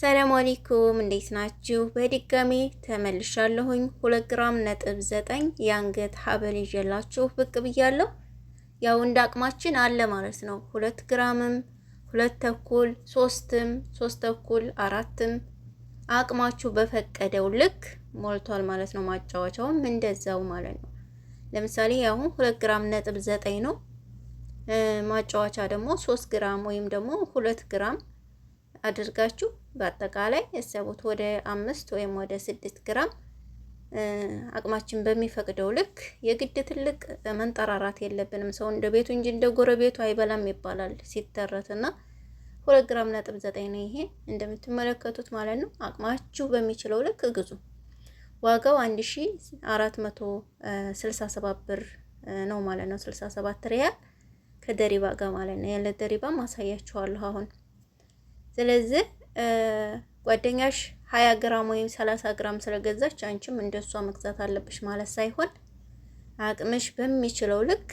ሰላም አለይኩም እንዴት ናችሁ? በድጋሜ ተመልሻለሁኝ። ሁለት ግራም ነጥብ ዘጠኝ የአንገት ሀብል ይዤላችሁ ብቅ ብያለሁ። ያው እንደ አቅማችን አለ ማለት ነው። ሁለት ግራምም፣ ሁለት ተኩል፣ ሶስትም፣ ሶስት ተኩል፣ አራትም አቅማችሁ በፈቀደው ልክ ሞልቷል ማለት ነው። ማጫወቻውም እንደዛው ማለት ነው። ለምሳሌ አሁን ሁለት ግራም ነጥብ ዘጠኝ ነው። ማጫወቻ ደግሞ ሶስት ግራም ወይም ደግሞ ሁለት ግራም አድርጋችሁ በአጠቃላይ ያሰቡት ወደ አምስት ወይም ወደ ስድስት ግራም አቅማችን በሚፈቅደው ልክ የግድ ትልቅ መንጠራራት የለብንም። ሰው እንደ ቤቱ እንጂ እንደ ጎረቤቱ አይበላም ይባላል ሲተረት እና ሁለት ግራም ነጥብ ዘጠኝ ነው ይሄ እንደምትመለከቱት ማለት ነው። አቅማችሁ በሚችለው ልክ ግዙ። ዋጋው አንድ ሺ አራት መቶ ስልሳ ሰባት ብር ነው ማለት ነው። ስልሳ ሰባት ሪያል ከደሪባ ጋር ማለት ነው። ያለ ደሪባ ማሳያችኋለሁ አሁን ስለዚህ ጓደኛሽ ሀያ ግራም ወይም ሰላሳ ግራም ስለገዛች አንቺም እንደሷ መግዛት አለብሽ ማለት ሳይሆን አቅምሽ በሚችለው ልክ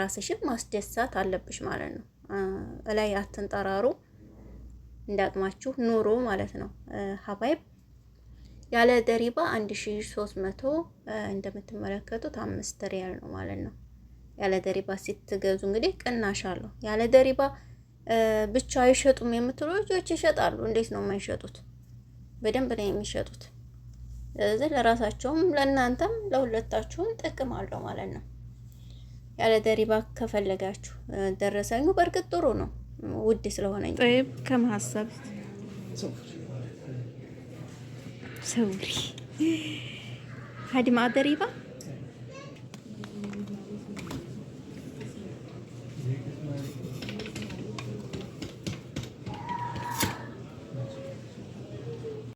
ራስሽን ማስደሳት አለብሽ ማለት ነው። እላይ አትንጠራሩ፣ እንዳቅማችሁ ኑሮ ማለት ነው። ሀባይብ ያለ ደሪባ አንድ ሺ ሶስት መቶ እንደምትመለከቱት አምስት ሪያል ነው ማለት ነው። ያለ ደሪባ ስትገዙ እንግዲህ ቅናሽ አለው ያለ ደሪባ ብቻ አይሸጡም የምትሉ ልጆች ይሸጣሉ። እንዴት ነው የማይሸጡት? በደንብ ነው የሚሸጡት። ስለዚህ ለራሳቸውም ለእናንተም ለሁለታችሁም ጥቅም አለው ማለት ነው። ያለ ደሪባ ከፈለጋችሁ ደረሰኙ በእርግጥ ጥሩ ነው፣ ውድ ስለሆነ ጠይብ ከማሰብ ሰውሪ ሀዲማ ደሪባ